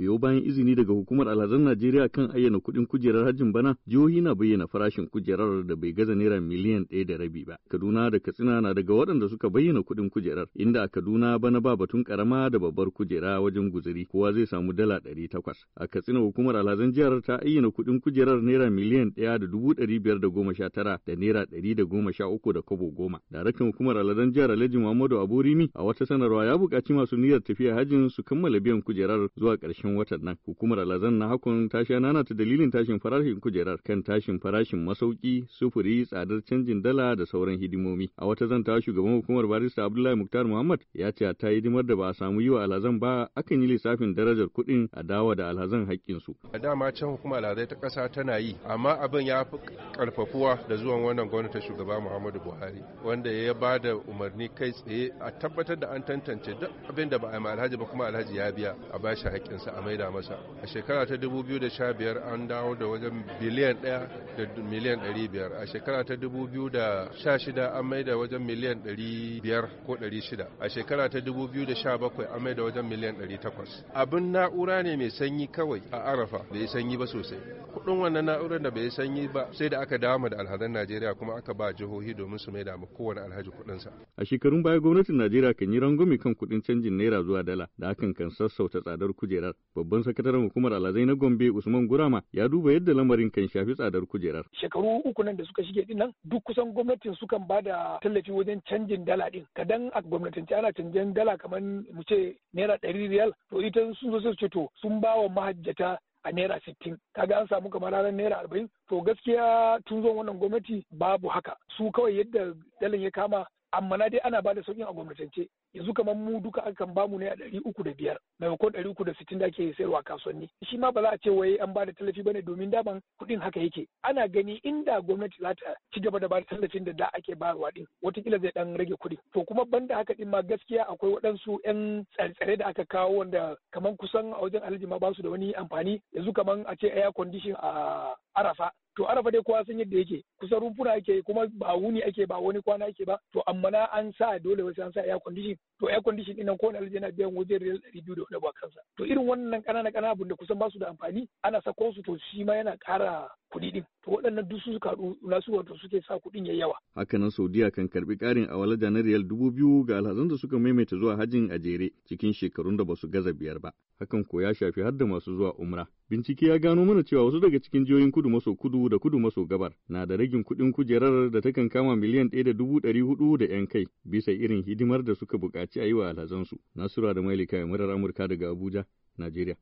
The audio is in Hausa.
biyo bayan izini daga hukumar aladun Najeriya kan ayyana kuɗin kujerar hajjin bana, jihohi na bayyana farashin kujerar da bai gaza naira miliyan ɗaya da rabi ba. Kaduna da Katsina na daga waɗanda suka bayyana kuɗin kujerar, inda a Kaduna bana ba batun karama da babbar kujera wajen guzuri, kowa zai samu dala ɗari takwas. A Katsina hukumar alhazan jihar ta ayyana kuɗin kujerar naira miliyan ɗaya da dubu ɗari biyar da goma sha tara da naira ɗari da goma sha uku da kobo goma. Daraktan hukumar alhazan jihar Alhaji Muhammadu Aburimi a wata sanarwa ya buƙaci masu niyyar tafiya hajjin su kammala biyan kujerar zuwa ƙarshen cikin watan nan. Hukumar alazan na hakun ta sha nana ta dalilin tashin farashin kujerar kan tashin farashin masauki, sufuri, tsadar canjin dala da sauran hidimomi. A wata zanta shugaban hukumar barista Abdullahi Muktar Muhammad ya ce ta hidimar da ba a samu yi wa alazan ba akan yi lissafin darajar kuɗin a dawa da alhazan su. A dama can hukumar alazai ta ƙasa tana yi amma abin ya fi ƙarfafuwa da zuwan wannan ta shugaba Muhammadu Buhari wanda ya ba da umarni kai tsaye a tabbatar da an tantance duk abin da ba a yi alhaji ba kuma alhaji ya biya a bashi haƙƙinsa a maida masa a shekara ta 2015 an dawo da wajen biliyan 1 da miliyan 500 a shekara ta 2016 an maida wajen miliyan 500 ko 600 a shekara ta 2017 an maida wajen miliyan 800 abin na'ura ne mai sanyi kawai a arafa bai sanyi ba sosai kudin wannan na'urar da bai sanyi ba sai da aka dawo da alhazan najeriya kuma aka ba jihohi domin su maida mu kowane alhaji kudinsa a shekarun baya gwamnatin najeriya kan yi rangwame kan kudin canjin naira zuwa dala da hakan kan sassauta tsadar kujerar Babban sakataren hukumar alazai na Gombe Usman Gurama ya duba yadda lamarin kan shafi tsadar kujerar. Shekaru uku nan da suka shige din nan duk kusan gwamnatin sukan ba da tallafi wajen canjin dala din. Kadan a gwamnatance ana canjin dala kamar mu ce naira ɗari riyal to ita sun zo su ce to sun ba wa mahajjata a naira sittin kaga an samu kamar ranar naira arba'in to gaskiya tun zuwan wannan gwamnati babu haka su kawai yadda dalin ya kama amma na dai ana ba da sauƙin a gwamnatance yanzu kamar mu duka kan bamu ne a ɗari uku da biyar maimakon ɗari uku da sittin da ake sayarwa kasuwanni shi ma ba za a ce wai an ba da tallafi bane domin daman kuɗin haka yake ana gani inda gwamnati za ta ci gaba da ba tallafin da da ake bayarwa din watakila zai ɗan rage kuɗi to kuma banda haka din ma gaskiya akwai waɗansu 'yan tsare-tsare da aka kawo wanda kamar kusan a wajen alhaji ma ba su da wani amfani yanzu kaman a ce air condition a arafa to arafa dai kowa sun yadda yake kusa rumfuna ake kuma ba wuni ake ba wani kwana ake ba to amma na an sa dole wasu an sa air condition to air condition din nan kowane alaji yana biyan waje riyal ɗari biyu da wani a kansa to irin wannan ƙanana ƙanana abun da kusan ba su da amfani ana sa su to shi ma yana kara kuɗi din to waɗannan duk su suka na su wato suke sa kuɗin ya yawa hakanan saudiya kan karbi ƙarin walaja na riyal dubu biyu ga alhazan da suka maimaita zuwa hajjin a jere cikin shekarun da ba su gaza biyar ba hakan ko ya shafi har da masu zuwa umra bincike ya gano mana cewa wasu daga cikin jihohin kudu maso kudu da kudu maso gabar na da ragin kuɗin kujerar da takan kama miliyan ɗaya da dubu ɗari hudu da ‘yan kai bisa irin hidimar da suka buƙaci a yi wa alhazansu. Nasura da Mailika, murar Amurka daga Abuja, Najeriya.